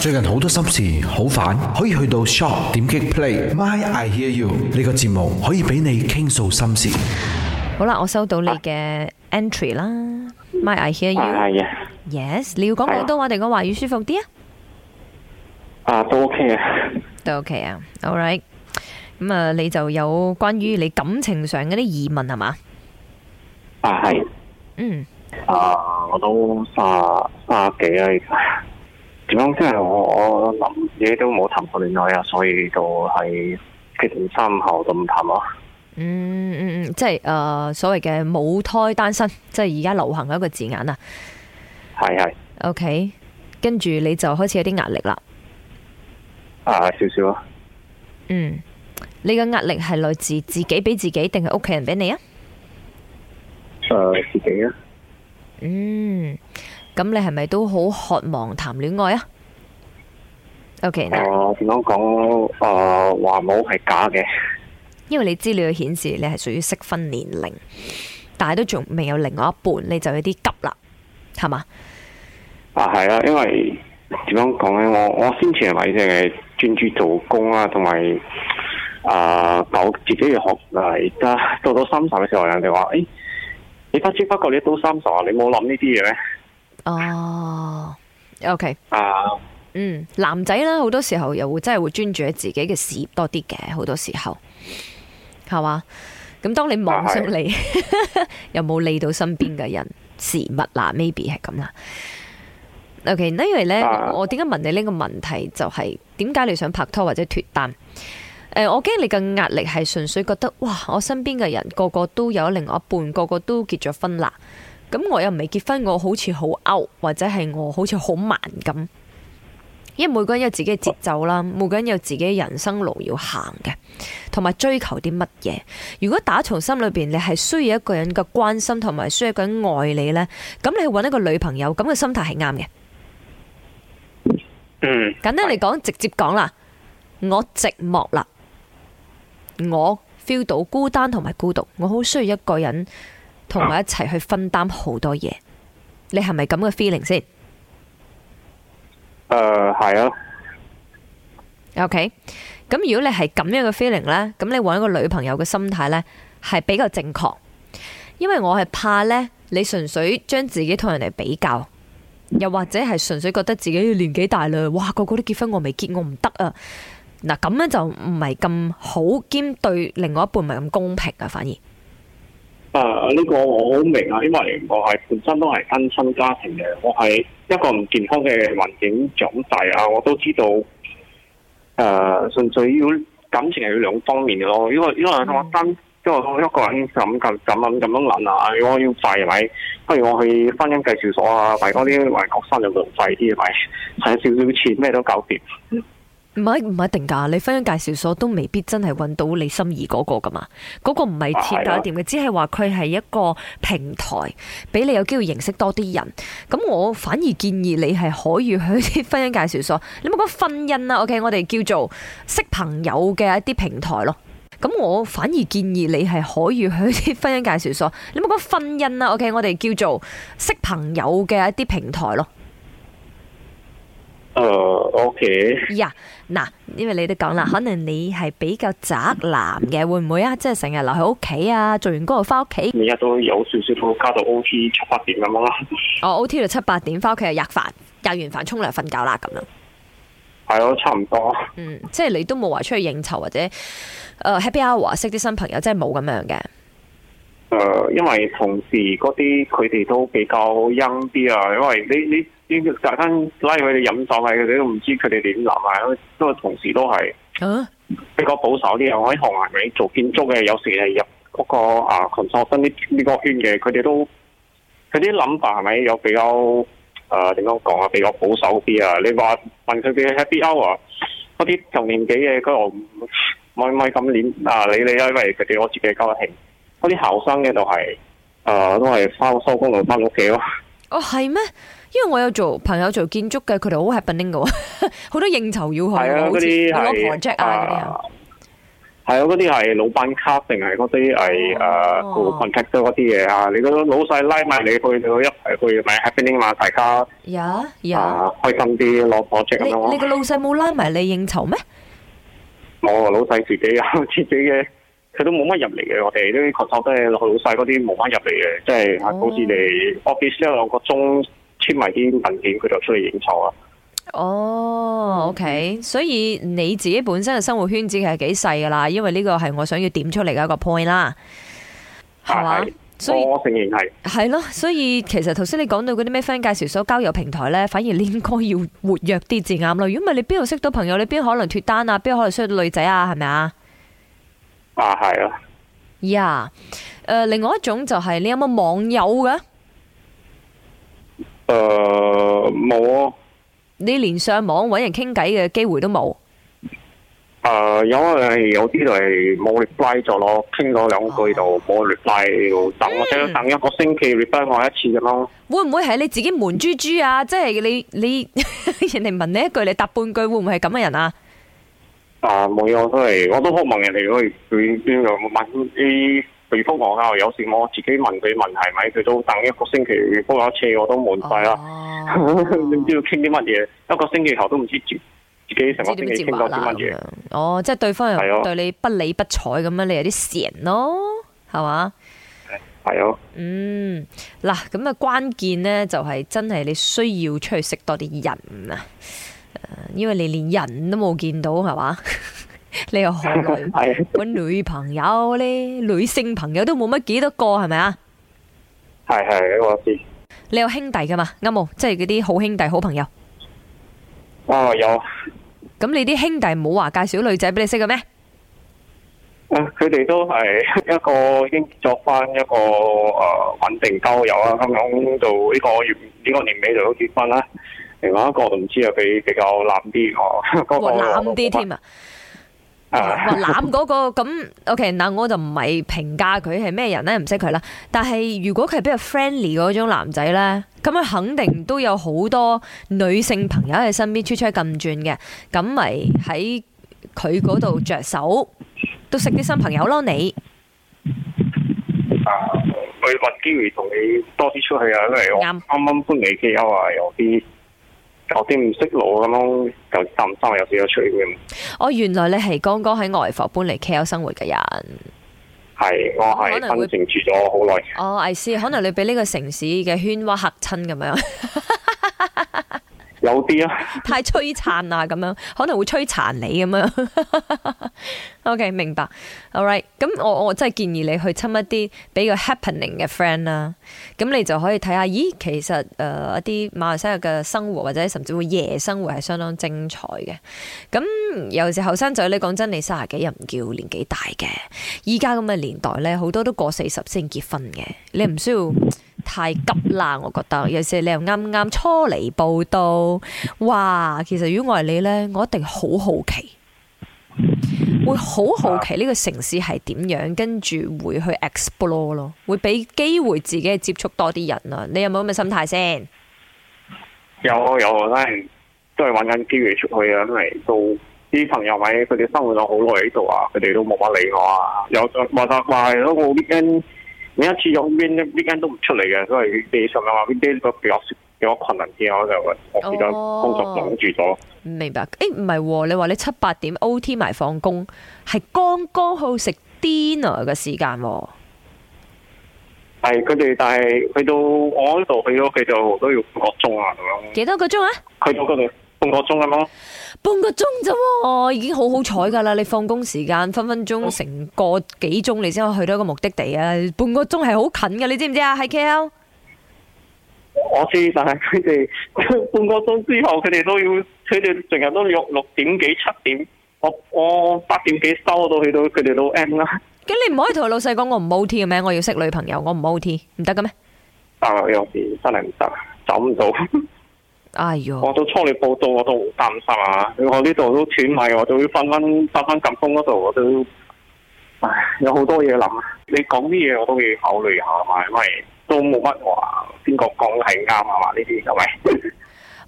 最近好多心事，好煩，可以去到 shop 點擊 play。MY I Hear U 呢個節目可以俾你傾訴心事。好啦，我收到你嘅 entry 啦。MY I Hear U。Uh, yeah. yes，你要講廣東話定我哋嘅華語舒服啲啊？啊，uh, 都 OK 啊，都 OK 啊。All right，咁啊，你就有關於你感情上嗰啲疑問係嘛？啊係，uh, yeah. 嗯，啊，uh, 我都三十三十幾啦。即係我我諗自己都冇談過戀愛啊，所以就係結完三後就唔談咯。嗯嗯嗯，即係誒、呃、所謂嘅母胎單身，即係而家流行嘅一個字眼啊。係係。O K，跟住你就開始有啲壓力啦。啊，少少咯、啊。嗯，你嘅壓力係來自自己俾自己，定係屋企人俾你啊？誒、呃，自己啊。嗯。咁你係咪都好渴望談戀愛啊？O K，我點樣講？誒、okay, 呃呃，話冇係假嘅。因為你資料顯示你係屬於適婚年齡，但係都仲未有另外一半，你就有啲急啦，係嘛？啊、呃，係啊，因為點樣講咧？我我先前係咪，即係專注做工啊，同埋啊搞自己嘅學嚟得，到到三十嘅時候人哋話：誒、欸，你不知不覺你都三十，啊，你冇諗呢啲嘢咩？哦、oh,，OK，、uh, 嗯，男仔咧好多時候又會真係會專注喺自己嘅事業多啲嘅，好多時候係嘛，咁當你望上你又冇理到身邊嘅人事物嗱，maybe 係咁啦。OK，因、anyway, uh, 為呢，我點解問你呢個問題就係點解你想拍拖或者脫單？呃、我驚你嘅壓力係純粹覺得哇，我身邊嘅人個個都有另外一半，個個都結咗婚啦。咁我又唔係結婚，我好似好 out，或者係我好似好慢咁。因為每個人有自己嘅節奏啦，每個人有自己人生路要行嘅，同埋追求啲乜嘢。如果打從心裏邊，你係需要一個人嘅關心，同埋需要一個人愛你呢，咁你去搵一個女朋友，咁嘅心態係啱嘅。嗯，簡單嚟講，嗯、直接講啦，我寂寞啦，我 feel 到孤單同埋孤獨，我好需要一個人。同我一齊去分擔好多嘢，你係咪咁嘅 feeling 先？誒，uh，係啊。OK，咁如果你係咁樣嘅 feeling 呢，咁你搵一個女朋友嘅心態呢，係比較正確，因為我係怕呢，你純粹將自己同人哋比較，又或者係純粹覺得自己年紀大啦，哇，個個都結婚，我未結，我唔得啊！嗱，咁樣就唔係咁好，兼對另外一半唔係咁公平啊，反而。誒，呢、啊這個我好明啊，因為我係本身都係單親家庭嘅，我係一個唔健康嘅環境長大啊，我都知道。誒、呃，純粹要感情係要兩方面嘅咯，因為我單，因為一個人咁咁諗咁樣諗啊，如果我要快係咪，不如我去婚姻介紹所啊，大家啲外國生就浪快啲係咪，使少少錢咩都搞掂。唔係唔一定噶，你婚姻介紹所都未必真係揾到你心儀嗰個噶嘛，嗰個唔係鐵打掂嘅，只係話佢係一個平台，俾你有機會認識多啲人。咁我反而建議你係可以去啲婚姻介紹所。你冇講婚姻啊？OK，我哋叫做識朋友嘅一啲平台咯。咁我反而建議你係可以去啲婚姻介紹所。你冇講婚姻啊？OK，我哋叫做識朋友嘅一啲平台咯。誒、uh,，OK 呀，嗱，因為你都講啦，可能你係比較宅男嘅，會唔會啊？即係成日留喺屋企啊？做完工又翻屋企，而家都有少少都加到 O T、oh, 七八點咁樣啦。哦，O T 就七八點翻屋企，吔飯，吔完飯沖涼瞓覺啦，咁樣。係咯，差唔多。嗯，即係你都冇話出去應酬或者誒、uh, happy hour 識啲新朋友，即係冇咁樣嘅。誒、uh,，因為同事嗰啲佢哋都比較陰啲啊，因為呢呢。隔單拉佢哋飲酒，係佢哋都唔知佢哋點諗啊！因為同事都係比較保守啲，我喺行業做建築嘅，有時係入嗰個啊 Construction 呢呢個圈嘅，佢哋都佢啲諗法係咪有比較誒點樣講啊？比較保守啲啊！你話問佢哋 Happy Hour，嗰啲同年紀嘅佢我唔咪咪咁諗啊！你你因為佢哋我自己交得起，嗰啲後生嘅就係誒都係翻收工就翻屋企咯。哦，係咩？因為我有做朋友做建築嘅，佢哋好 happening 嘅喎，好多應酬要去。係啊，嗰啲係，係攞 project 啊，係啊，嗰啲係老闆卡定係嗰啲係誒做 contractor 嗰啲嘢啊。你個老細拉埋你去，你一齊去咪 happening 嘛？大家呀呀，開心啲攞 project 咁樣。你個老細冇拉埋你應酬咩？冇呀、哦、老細自己啊，自己嘅，佢都冇乜入嚟嘅。我哋都確實都係老老細嗰啲冇乜入嚟嘅，即係好似你 office 兩個鐘。簽埋啲文件，佢就需要影錯啊！哦、oh,，OK，所以你自己本身嘅生活圈子其實幾細噶啦，因為呢個係我想要點出嚟嘅一個 point 啦，係咪？我承認係係咯，所以其實頭先你講到嗰啲咩 friend 介紹所、交友平台呢，反而你應該要活躍啲至啱咯。如果唔係，你邊度識到朋友，你邊可能脱單啊，邊可能識到女仔啊，係咪啊？啊，係啊。yeah 誒、呃，另外一種就係、是、你有冇網友嘅？誒，冇、uh, 啊。你連上網搵人傾偈嘅機會都冇。誒、uh,，因為有啲就係冇 reply 咗咯，傾咗兩句就冇 reply，、oh. 等或者等一個星期 reply 我一次咁咯。嗯、會唔會係你自己悶豬豬啊？即、就、係、是、你你 人哋問你一句，你答半句，會唔會係咁嘅人啊？Uh, 啊，冇，有，都係，我都好問人哋可以邊邊個問豬回覆我啊！有時我自己問佢問題咪，佢都等一個星期回覆一次，我都悶晒啦。唔、哦、 知道傾啲乜嘢，一個星期後都唔知自己成日唔知傾到啲乜嘢。哦，即係對方又對你不理不睬咁樣，你有啲賤咯，係嘛的？係係咯。的嗯，嗱，咁啊關鍵呢，就係、是、真係你需要出去識多啲人啊，因為你連人都冇見到，係嘛？你又搵女朋友咧？ 女性朋友都冇乜幾多個係咪啊？係係， 我知。你有兄弟噶嘛？啱冇，即係嗰啲好兄弟好朋友。哦、啊，有。咁你啲兄弟冇話介紹女仔俾你識嘅咩？佢哋、啊、都係一個已經作咗一個誒穩、呃、定交友啦。香港度呢個月呢個年尾就都結婚啦。另外一個唔知啊，比比較冷啲哦，嗰、那個冷啲添啊。 攬嗰個咁，OK，嗱我就唔係評價佢係咩人咧，唔識佢啦。但係如果佢係比較 friendly 嗰種男仔咧，咁佢肯定都有好多女性朋友喺身邊出出咁轉嘅，咁咪喺佢嗰度着手，都識啲新朋友咯。你啊，佢問機會同你多啲出去啊，因為我啱啱搬你嘅，我話有啲。我啲唔識路，咁樣、哦，又生生有少少趣嘅。我原來你係剛剛喺外埠搬嚟 KL 生活嘅人，係我係喺新住咗好耐。哦，I see，可能，哦、see, 可能你俾呢個城市嘅喧嘩嚇親咁樣。 好啲啊！太摧殘啊，咁樣可能會摧殘你咁樣。 o、okay, K，明白。All right，咁我我真係建議你去親一啲比較 happening 嘅 friend 啦。咁你就可以睇下，咦，其實誒一啲馬來西亞嘅生活或者甚至會夜生活係相當精彩嘅。咁尤其是後生仔，你講真，你三十幾又唔叫年紀大嘅。依家咁嘅年代呢，好多都過四十先結婚嘅。你唔需要。太急啦！我覺得有時你又啱啱初嚟報到，哇！其實如果係你呢，我一定好好奇，會好好奇呢個城市係點樣，跟住會去 explore 咯，會俾機會自己去接觸多啲人啊！你有冇咁嘅心態先？有有啊，真係都係揾緊機會出去啊！H、H，因為到啲朋友位，佢哋生活咗好耐喺度啊，佢哋都冇乜理我啊，有就話失我啲跟。每一次用邊呢呢間都唔出嚟嘅，因為地上嘅話邊啲都比較少，比較困難啲，我就我而家工作攔住咗。Oh. 明白？誒唔係喎，你話你七八點 O T 埋放工，係剛剛好食 dinner 嘅時間喎。係佢哋，但係去到我呢度去咗，去到都要半個鐘啊咁。幾多個鐘啊？去到度半個鐘咁咯。半個鐘啫？哦，我、哦、已經好好彩噶啦！你放工時間分分鐘成個幾鐘，你先可以去到一個目的地啊！半個鐘係好近噶你知唔知啊？喺 K L，我知，但係佢哋半個鐘之後，佢哋都要，佢哋成日都六六點幾七點，我我八點幾收都去到佢哋都。M 啦。咁你唔可以同老細講我唔 O T 嘅咩？我要識女朋友，我唔 O T，唔得噶咩？得、啊，有 T 真係唔得，走唔到。 哎呦我到初你報到，我都好擔心啊！我呢度都斷米，我都要翻翻翻翻錦豐嗰度，我都唉有好多嘢諗。你講啲嘢我都會考慮下嘛，係咪？都冇乜話邊個講係啱啊嘛，呢啲就咪？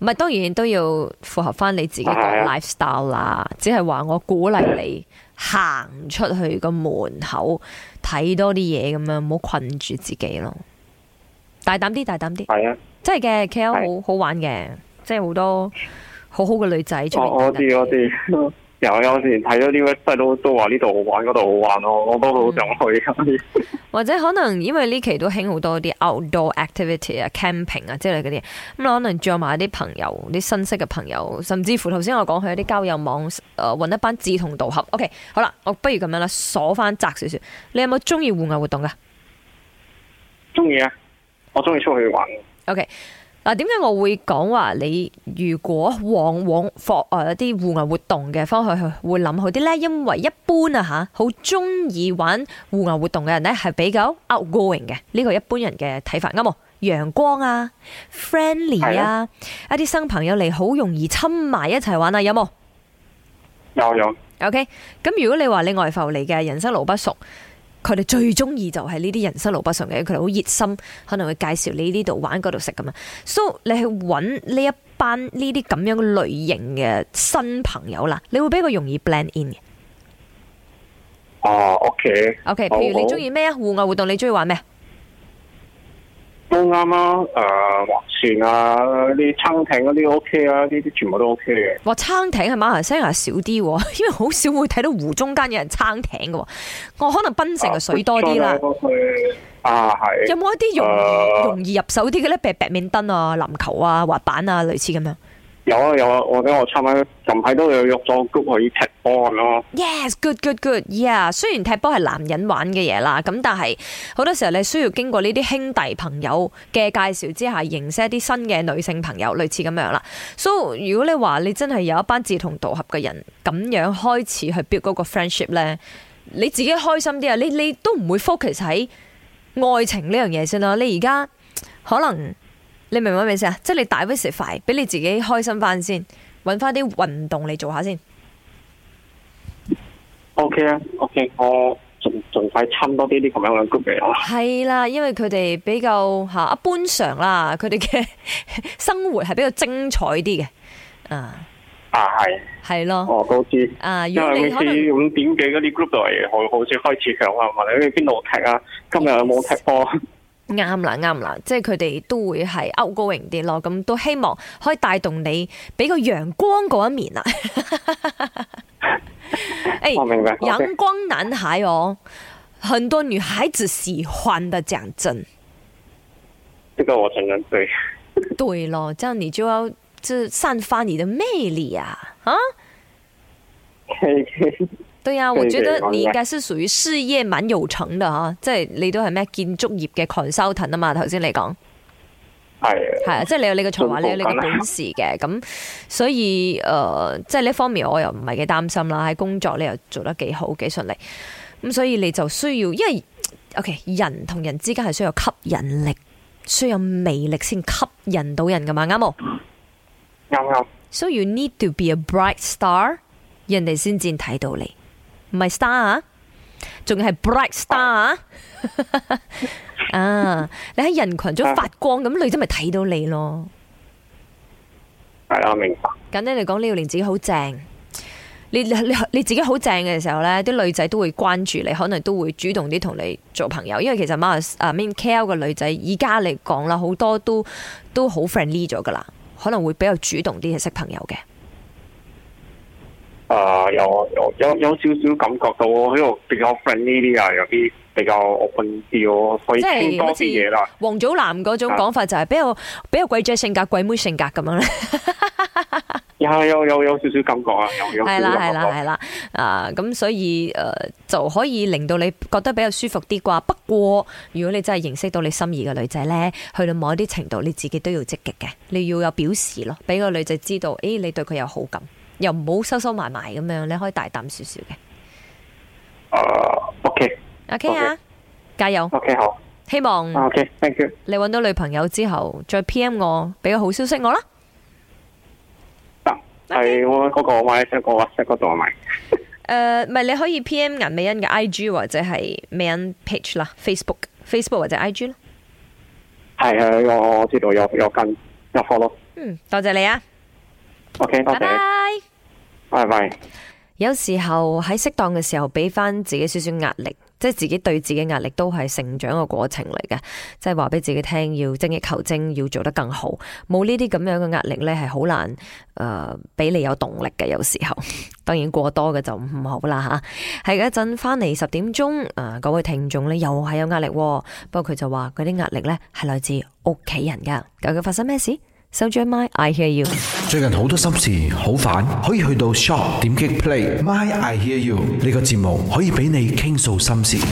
唔係，當然都要符合翻你自己個 lifestyle 啦。的只係話我鼓勵你行出去個門口睇多啲嘢，咁樣唔好困住自己咯。大膽啲，大膽啲。係啊。真係嘅，K L 好好玩嘅，是即係好多好好嘅女仔出嚟。我知我知，有啊！我之前睇咗啲位都話呢度好玩，嗰度好玩咯，我都好想去、嗯、 或者可能因為呢期都興好多啲 outdoor activity 啊、camping 啊之類嗰啲，咁可能聚埋啲朋友、啲新識嘅朋友，甚至乎頭先我講佢啲交友網，誒，搵一班志同道合。OK，好啦，我不如咁樣啦，鎖翻窄少少。你有冇中意戶外活動噶？中意啊！我中意出去玩。OK，嗱、啊，點解我會講話、啊、你如果往往放誒、啊、一啲戶外活動嘅方向去會諗好啲呢？因為一般啊吓，好中意玩戶外活動嘅人呢，係比較 outgoing 嘅，呢、呢個一般人嘅睇法啱冇？陽光啊，friendly 啊，一啲新朋友嚟，好容易親埋一齊玩啊，有冇？有有。OK，咁如果你話你外埠嚟嘅，人生路不熟。佢哋最中意就係呢啲人生路不順嘅，佢哋好熱心，可能會介紹你呢度玩，嗰度食，咁樣。So 你去揾呢一班呢啲咁樣嘅類型嘅新朋友啦，你會比較容易 blend in 嘅。哦、uh,，OK。OK，譬如你中意咩啊？戶、uh, okay. 外活動你中意玩咩？都啱啦、啊，誒、呃、滑船啊，啲撐艇嗰啲 O K 啊，呢啲全部都 O K 嘅。哇，撐艇喺馬來西亞少啲喎，因為好少會睇到湖中間有人撐艇嘅喎。我可能檳城嘅水多啲啦、啊。啊，係。有冇一啲容易、呃、容易入手啲嘅咧？譬白，白面燈啊、籃球啊、滑板啊，類似咁樣。有啊有啊！我咧我差唔多近排都有約咗局去踢波咁咯。Yes, good, good, good. Yeah，雖然踢波係男人玩嘅嘢啦，咁但係好多時候你需要經過呢啲兄弟朋友嘅介紹之下，認識一啲新嘅女性朋友，類似咁樣啦。So，如果你話你真係有一班志同道合嘅人咁樣開始去 build 嗰個 friendship 咧，你自己開心啲啊！你你都唔會 focus 喺愛情呢樣嘢先啦。你而家可能。你明唔明咩意思啊？即係你大 v e 快，俾你自己開心翻先，搵翻啲運動嚟做下先。O K 啊，O K，我盡盡快參多啲啲咁樣嘅 group 嚟啦。係啦，因為佢哋比較吓一般常啦，佢哋嘅生活係比較精彩啲嘅。啊啊係係咯，我都知。啊，因為好似五點幾嗰啲 group 嚟，好好似開始強啊！你問你邊度踢啊？今日有冇踢波？Yes. 啱啦，啱啦，即係佢哋都會係 outgoing 啲咯，咁都希望可以帶動你，俾個陽光嗰一面，啊呵呵 欸，我明白，陽光男孩哦，行很多女孩子喜歡的，講真。這個我承認，對。對咯，這樣你就要，即係散發你的魅力啊！啊 對啊，我覺得你應該係屬於事業蠻有成的吓、啊，即係你都係咩建築業嘅 consultant 啊嘛，頭先你講係係啊，對即係你有你嘅才華，嗯、你有你嘅本事嘅，咁、嗯、所以誒、呃，即係呢方面我又唔係幾擔心啦，喺工作你又做得幾好幾順利，咁所以你就需要，因為 OK 人同人之間係需要吸引力，需要魅力先吸引到人噶嘛，啱冇？啱、嗯？啱唔啱？So you need to be a bright star，人哋先至睇到你。唔係 star, 還是 star 啊，仲係 black star 啊！你喺人群中發光咁，啊、女仔咪睇到你咯。係啦，明白。簡單嚟講，你要令，你，你自己好正，你你你自己好正嘅時候呢，啲女仔都會關注你，可能都會主動啲同你做朋友。因為其實馬啊 Min Kell 嘅女仔，而家嚟講啦，好多都都好 friendly 咗噶啦，可能會比較主動啲去識朋友嘅。啊、uh，有有有有少少感覺到，喺度比較 friend 呢啲啊，有啲比較 open 啲咯，可以傾多啲嘢啦。王祖藍嗰種講法就係比較、uh, 比較鬼仔性格、鬼妹性格咁樣咧 yeah。有有有有少少感覺啊！係啦係啦係啦啊！咁、uh, 所以誒、uh, 就可以令到你覺得比較舒服啲啩。不過如果你真係認識到你心儀嘅女仔咧，去到某一啲程度，你自己都要積極嘅，你要有表示咯，俾個女仔知道，誒、哎，你對佢有好感。又唔好收收埋埋咁樣，你可以大膽少少嘅。OK 阿 K 啊，加油！OK 好，希望。OK thank you。你揾到女朋友之後，再 P M 我，俾個好消息我啦。得係我嗰個我買，七個七個檔買。誒，唔係你可以 P M 銀美欣嘅 I G 或者係美欣 page 啦，Facebook Facebook 或者 I G 咯。係係、uh, 我我知道有有跟有 follow 嗯，多謝你啊！OK，拜拜，拜拜。有時候喺適當嘅時候，俾翻自己少少壓力，即係自己對自己壓力都係成長嘅過程嚟嘅。即係話俾自己聽，要精益求精，要做得更好。冇呢啲咁樣嘅壓力呢，係好難誒俾你有動力嘅。有時候，當然過多嘅就唔好啦吓。係嗰陣翻嚟十點鐘，啊，嗰、啊、位聽眾呢又係有壓力。不過佢就話嗰啲壓力呢係來自屋企人噶。究竟發生咩事？收張麥，My I hear you。最近好多心事好煩，可以去到 shop 點擊 play，My I hear you 呢個節目，可以俾你傾訴心事。